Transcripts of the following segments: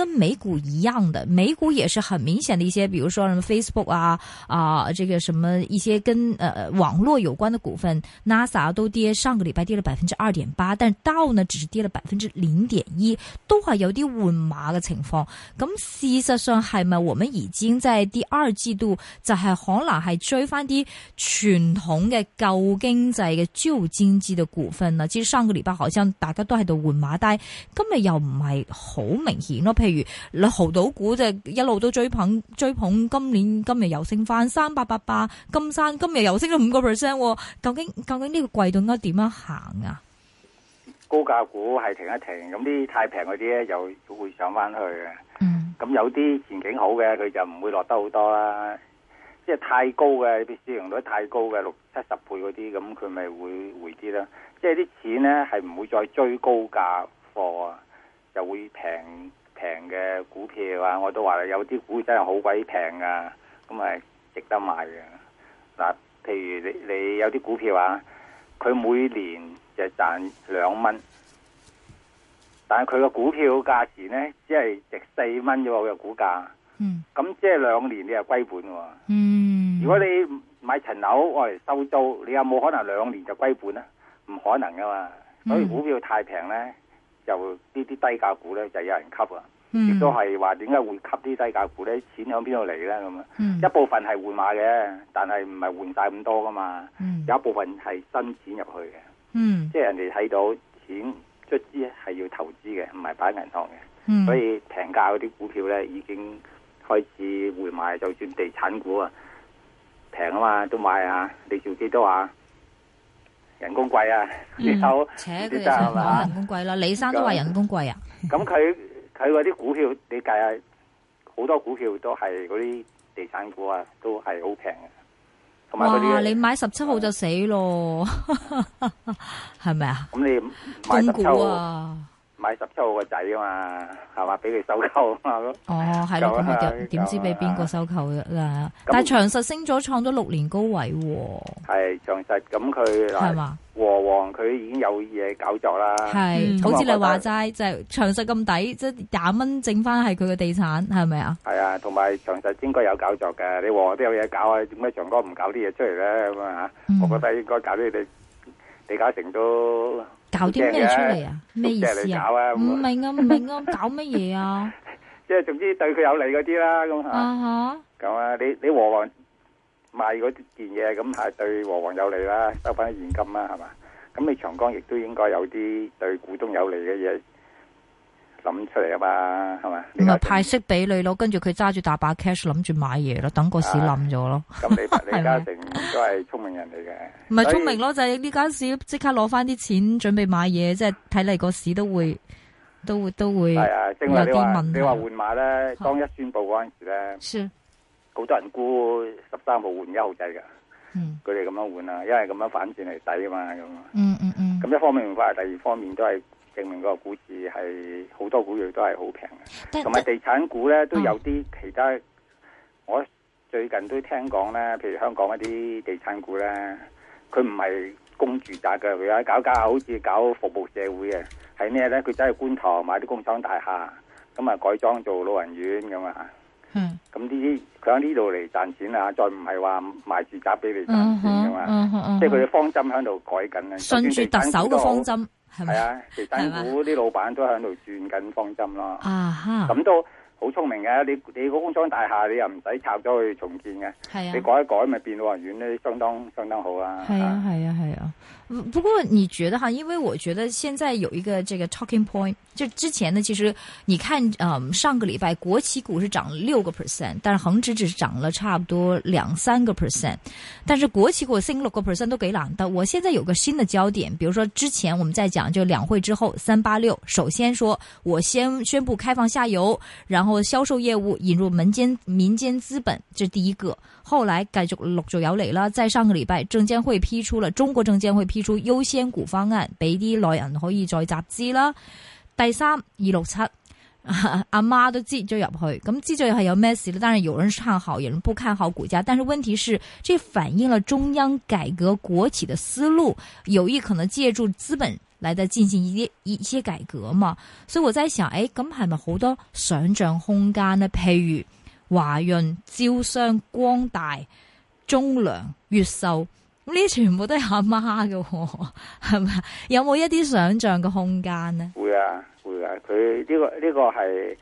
跟美股一樣的，美股也是很明顯的一些，比如說什麼 Facebook 啊，啊、呃，這個什麼一些跟呃網絡有關的股份，NASA 都跌，上個禮拜跌了百分之二點八，但 Dow 呢只是跌了百分之零點一，都係有啲換馬嘅情況。咁、嗯嗯、事實上係咪我們已經在第二季度就係可能係追翻啲傳統嘅舊經濟嘅舊經濟嘅股份呢？其實上個禮拜好像大家都喺度換馬，但今日又唔係好明顯咯，嗯如你濠賭股，即係一路都追捧追捧，今年今日又升翻三八八八。金山今日又升咗五個 percent，究竟究竟呢個季度應該點樣行啊？高價股係停一停，咁啲太平嗰啲咧又會上翻去嘅。嗯，咁有啲前景好嘅，佢就唔會落得好多啦。即係太高嘅啲市盈率太高嘅六七十倍嗰啲，咁佢咪會回啲啦。即係啲錢咧係唔會再追高價貨啊，又會平。平嘅股票啊，我都話有啲股票真係好鬼平啊，咁係值得買嘅。嗱，譬如你你有啲股票啊，佢每年就賺兩蚊，但係佢個股票價錢咧，只係值四蚊啫喎，佢嘅股價。咁、嗯、即係兩年你又歸本喎、啊。嗯。如果你買層樓，我嚟收租，你有冇可能兩年就歸本啊？唔可能噶嘛、啊。所以股票太平咧。就呢啲低價股咧，就有人吸啊！亦、嗯、都係話點解會吸啲低價股咧？錢響邊度嚟咧？咁啊，嗯、一部分係換馬嘅，但係唔係換晒咁多噶嘛。嗯、有一部分係新錢入去嘅，即係、嗯、人哋睇到錢出資係要投資嘅，唔係擺喺銀行嘅。嗯、所以平價嗰啲股票咧，已經開始換買，就算地產股啊，平啊嘛都買啊，你做幾多啊？人工貴啊，嗯、你收跌收人工貴啦，李生都話人工貴啊。咁佢佢啲股票你計下，好多股票都係嗰啲地產股啊，都係好平嘅。哇！你買十七號就死咯，係咪、嗯、 啊？咁你買十買十七號個仔啊嘛，係嘛，俾佢收購啊嘛咁。哦，係咯，咁咪點知俾邊個收購噶啦？但係長實升咗，創咗六年高位。係長實，咁佢係嘛和黃，佢已經有嘢搞作啦。係，好似你話齋，就長實咁抵，即係廿蚊，淨翻係佢嘅地產，係咪啊？係啊，同埋長實應該有搞作嘅，你和黃都有嘢搞啊，點解長哥唔搞啲嘢出嚟咧咁啊？吓，我覺得應該搞啲地地價成都。搞啲咩出嚟啊？咩意思？你搞啊？唔明啊！唔明啊！搞乜嘢啊？即係總之對佢有利嗰啲啦，咁吓。咁啊，你你和黃賣嗰件嘢，咁係對和黃有利啦，收翻現金啦，係嘛？咁你長江亦都應該有啲對股東有利嘅嘢。諗出嚟啊嘛，係嘛？唔係派息俾你咯，跟住佢揸住大把 cash 諗住買嘢咯，等個市冧咗咯。咁你，啊、李嘉誠都係聰明人嚟嘅，唔係嗎以聰明咯，就係呢間市即刻攞翻啲錢準備買嘢，即係睇嚟個市都會都會都會。係啊的，另外你話你話換馬咧，當一宣布嗰陣時咧，好的多人估十三號換一號制嘅，嗯，佢哋咁樣換啦，因為咁樣反轉嚟抵啊嘛，咁嗯嗯嗯，咁，嗯嗯，一方面唔法，第二方面都係。證明個股市係好多股票都係好平嘅，同埋地產股咧都有啲其他。嗯、我最近都聽講咧，譬如香港一啲地產股咧，佢唔係供住宅嘅，佢有搞搞下好似搞服務社會嘅，係咩咧？佢走去觀塘買啲工廠大廈，咁啊改裝做老人院咁啊、嗯嗯。嗯，咁呢啲佢喺呢度嚟賺錢啊，再唔係話賣住宅俾你賺錢啊嘛。即係佢嘅方針喺度改緊啊，順住特首嘅方針。係啊，其實嗰啲老闆都喺度轉緊方針咯，咁嗎都。好聰明嘅，你你個工廠大廈你又唔使拆咗去重建嘅，啊、你改一改咪變老人院呢，相當相當好啊！係啊係啊係啊！啊啊啊不過，你覺得哈？因為我覺得現在有一個這個 talking point，就之前呢，其實你看，嗯，上個禮拜國企股是漲六個 percent，但係恆指只是漲了差不多兩三個 percent，但是國企股 single 四個 percent 都幾難。但我現在有個新的焦點，比如說之前我們在講就兩會之後三八六，首先說我先宣佈開放下游，然後。我銷售業務引入民間民間資本，這是第一個。後來繼續陸續有嚟啦。在上個禮拜，證監會批出了中國證監會批出優先股方案，俾啲內銀可以再集資啦。第三二六七，阿、啊、媽都接咗入去，咁接咗入去又 messy 了。當然有人看好，有人不看好股價。但是問題是，這反映了中央改革國企的思路，有意可能借助資本。嚟到進行一啲一啲改革啊嘛，所以我在想，誒、欸，咁係咪好多想象空間咧？譬如華潤、招商、光大、中糧、越秀，咁呢啲全部都係阿媽嘅，係咪？有冇一啲想象嘅空間咧、啊？會啊會啊，佢呢、這個呢、這個係。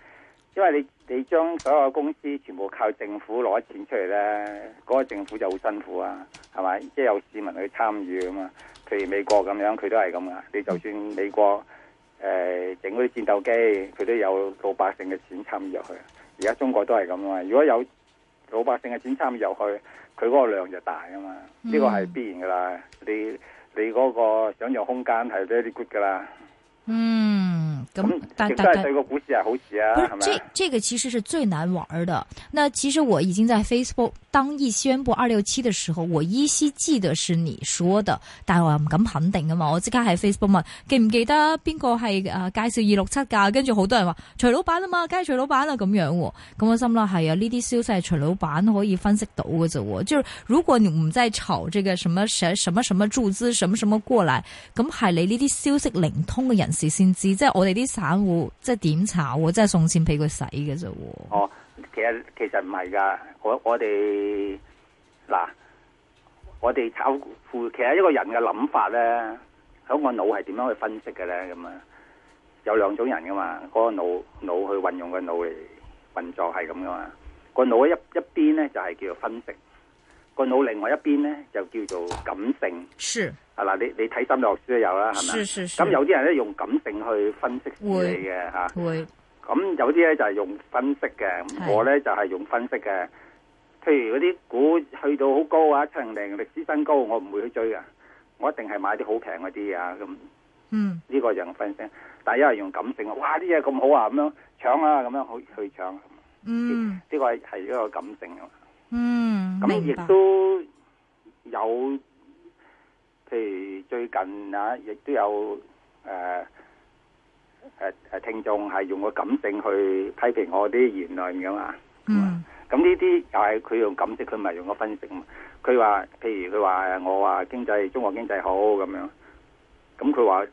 因為你你將所有公司全部靠政府攞錢出嚟呢，嗰個政府就好辛苦啊，係咪？即係有市民去參與啊嘛？譬如美國咁樣，佢都係咁啊。你就算美國誒整嗰啲戰鬥機，佢都有老百姓嘅錢參與入去。而家中國都係咁啊。如果有老百姓嘅錢參與入去，佢嗰個量就大啊嘛。呢個係必然噶啦。你你嗰個想象空間係 very good 噶啦。嗯。Mm. 咁、嗯，但係對個股市係好似啊。即係，這這個其實是最難玩嘅。嗱，其實我已經在 Facebook 當一宣布二六七嘅時候，我依稀記得是你說嘅，但係我又唔敢肯定啊嘛。我即刻喺 Facebook 問記唔記得邊個係啊介紹二六七噶？跟住好多人話徐老闆，嗎老闆啊嘛，梗係徐老闆啦咁樣。咁我心諗係啊，呢啲消息係徐老闆可以分析到嘅啫。就，就如果你唔再籌，即係個什麼什什麼什麼，什麼注資，什麼什麼過嚟，咁係你呢啲消息靈通嘅人士先知。即係我。我哋啲散戶即係點炒？即係送錢俾佢使嘅啫。哦，其實其實唔係噶，我我哋嗱，我哋炒股，其實一個人嘅諗法咧，響個腦係點樣去分析嘅咧？咁啊，有兩種人噶嘛，嗰個腦腦去運用個腦嚟運作係咁噶嘛。個腦一一邊咧就係叫做分析，個腦另外一邊咧就叫做感性。是。係啦、啊，你你睇心理學書都有啦，係咪？咁有啲人咧用感性去分析你嘅吓，咁有啲咧就係、是、用分析嘅。我咧是就係用分析嘅。譬如嗰啲股去到好高啊，七零零歷史新高，我唔會去追噶，我一定係買啲好平嗰啲啊。咁嗯，呢個人分析，但係因為用感性，哇啲嘢，咁好啊，咁樣搶啊，咁樣去去搶。嗯，呢個係一個感性啊。嗯，咁亦那白都有。譬如最近啊，亦都有誒誒誒，聽眾係用個感性去批評我啲言論嘅嘛。嗯，咁呢啲又係佢用感性，佢唔係用個分析啊。佢話譬如佢話我話經濟，中國經濟好咁樣，咁佢話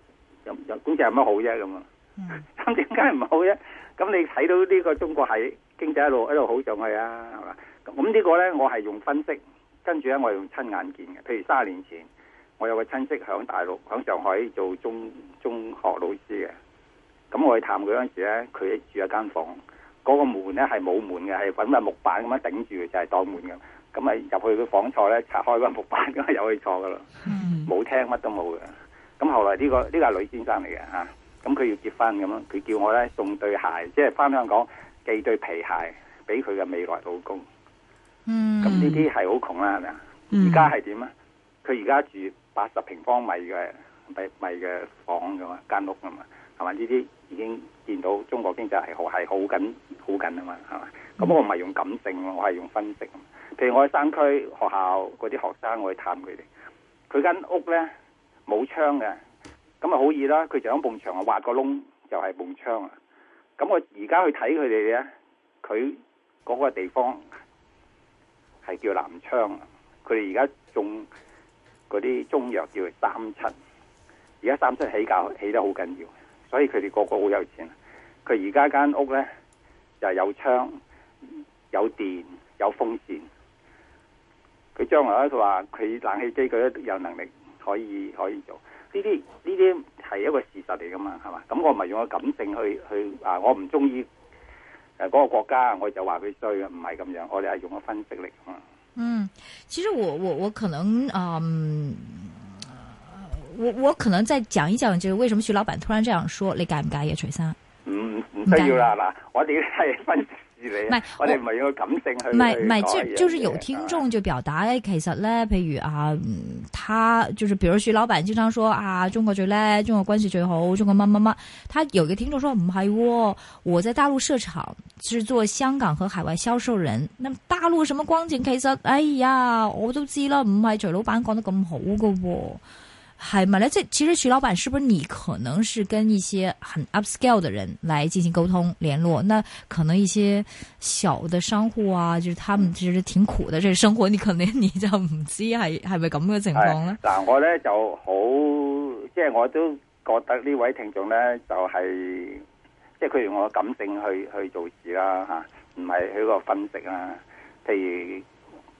有，有經濟有乜好啫？咁樣，咁點解唔好啫？咁你睇到呢個中國係經濟一路一路好上去啊，係嘛？咁呢個咧，我係用分析，跟住咧我係用親眼見嘅。譬如卅年前。我有個親戚喺大陸，喺上海做中中學老師嘅。咁我去探佢嗰陣時咧，佢住一間房，嗰個門咧係冇門嘅，係搵塊木板咁樣頂住，就係當門咁。咁啊入去佢房坐咧，拆開嗰木板咁啊入去坐噶啦。冇廳乜都冇嘅。咁後來呢個呢個女先生嚟嘅吓，咁佢要結婚，咁佢叫我咧送對鞋，即係翻香港寄對皮鞋俾佢嘅未來老公。嗯。咁呢啲係好窮啦，係咪啊？而家係點啊？佢而家住。八十平方米嘅米米嘅房咁啊，間屋啊嘛，係嘛？呢啲已經見到中國經濟係好係好緊，好緊啊嘛，係嘛？咁我唔係用感性，我係用分析。譬如我喺山區學校嗰啲學生，我去探佢哋，佢間屋咧冇窗嘅，咁啊好易啦。佢就喺埲牆啊挖個窿，就係、是、埲窗啊。咁我而家去睇佢哋咧，佢嗰個地方係叫南窗啊。佢哋而家仲……嗰啲中藥叫做三七，而家三七起價起得好緊要，所以佢哋個個好有錢。佢而家間屋咧就有窗、有電、有風扇。佢將來咧，佢話佢冷氣機佢都有能力可以可以做呢啲呢啲係一個事實嚟噶嘛，係嘛？咁我唔係用個感性去去啊，我唔中意誒嗰個國家，我就話佢衰，唔係咁樣，我哋係用個分析力啊。嗯，其實我我我可能，嗯，我我可能再講一講，就是為什麼徐老板突然這樣說，你介唔介意啊，徐生謝？唔唔需要啦，嗱，我哋細分。唔係，我哋唔係用感性去。唔係，唔係就就是有聽眾就表達，誒，其實咧，譬如啊，他就是，比如徐、啊嗯就是、老闆經常說啊，中國最叻，中國關係最好，中國乜乜乜，他有一個聽眾說唔係喎，我在大陸設廠，是做香港和海外銷售人，咁大陸什麼光景，其實，哎呀，我都知啦，唔係徐老闆講得咁好噶喎，哦。係，咪咧？即其實徐老闆，是不是你？可能是跟一些很 upscale 的人來進行溝通聯絡。那可能一些小的商戶啊，就是、他們其實挺苦的，這生活、嗯、你可能你就唔知係係咪咁嘅情況咧。嗱，我咧就好，即係我都覺得呢位聽眾咧就係、是，即係佢用我嘅感性去去做事啦吓，唔係佢個分析啦。譬如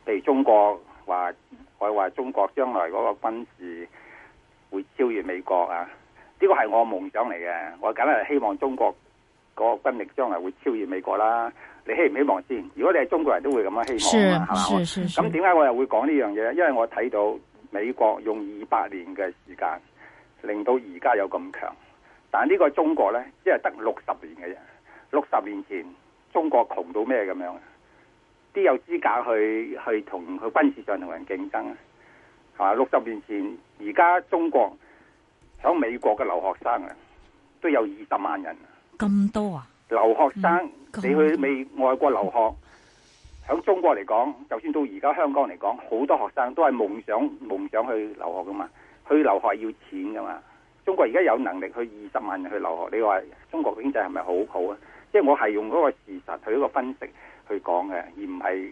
譬如中國話，我話中國將來嗰個軍事。會超越美國啊！呢個係我夢想嚟嘅，我梗係希望中國個軍力將來會超越美國啦、啊。你希唔希望先？如果你係中國人都會咁樣希望啊嘛吓？咁點解我又會講呢樣嘢咧？因為我睇到美國用二百年嘅時間，令到而家有咁強，但係呢個中國呢，只係得六十年嘅啫，六十年前中國窮到咩咁樣，啲有資格去去同佢軍事上同人競爭啊？啊！六十年前，而家中國響美國嘅留學生啊，都有二十萬人。咁多啊？留學生、嗯、你去美外國留學？響 中國嚟講，就算到而家香港嚟講，好多學生都係夢想夢想去留學噶嘛？去留學要錢噶嘛？中國而家有能力去二十萬人去留學？你話中國經濟係咪好好啊？即係我係用嗰個事實去一個分析去講嘅，而唔係。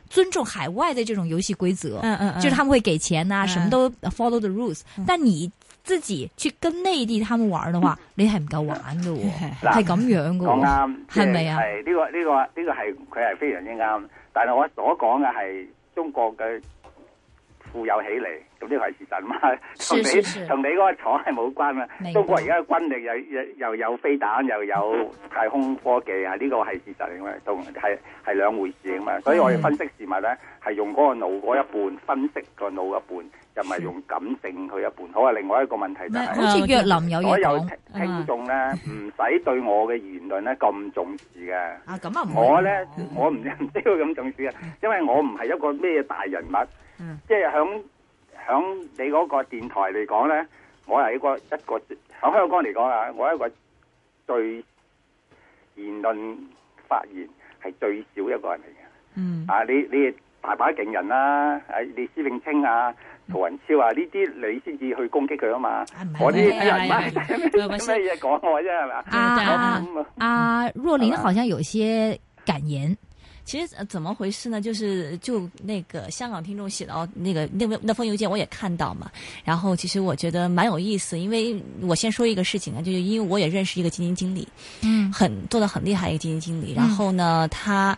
尊重海外的這種遊戲規則，uh, uh, uh, 就是他們會給錢啊，uh, uh, 什麼都 follow the rules。Uh, uh, uh, 但你自己去跟內地他們玩的話， 你係唔夠玩噶，係咁 樣噶。講啱對，係咪啊？係呢、這個呢、這個呢、這個係佢係非常之啱，但係我所講嘅係中國嘅。富有起嚟，咁、這、呢個係事實嘛？同你同書你嗰個廠係冇關啊！中國而家軍力又又有飛彈，又有太空科技啊！呢、這個係事實嚟嘅，同係係兩回事啊嘛！所以我哋分析事物咧，係用嗰個腦嗰一半，分析個腦一半。就唔係用感性去一半，好啊！另外一個問題就係、是，好似若林有所有聽聽眾咧，唔使、嗯、對我嘅言論咧咁重視嘅。啊，咁呢啊，我咧我唔需要咁重視嘅，因為我唔係一個咩大人物。嗯、即係響響你嗰個電台嚟講咧，我係一個一個響香港嚟講啊，我一個最言論發言係最少一個人嚟嘅。嗯啊啊，啊，你你大把勁人啦，誒，你施永青啊。超啊，呢啲你先至去攻擊佢啊嘛，我啲唔係乜嘢講我啫係咪？啊啊！哎哎、是是若琳好像有些感言，嗯、其實怎麼回事呢？就是就那個香港聽眾寫到那個那那封郵件，我也看到嘛。然後其實我覺得蠻有意思，因為我先說一個事情啊，就是因為我也認識一個基金，金經理，嗯，很做得很厲害一個基金，金經理。然後呢，嗯、他。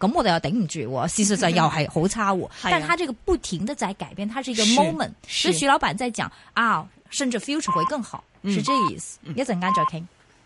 咁、嗯、我哋又頂唔住喎，事實上又係好差喎。 但係佢呢個不停嘅在改變，佢係一個 moment。 是所以徐老闆在講啊，甚至 future 會更好，係呢個意思。一陣間再傾。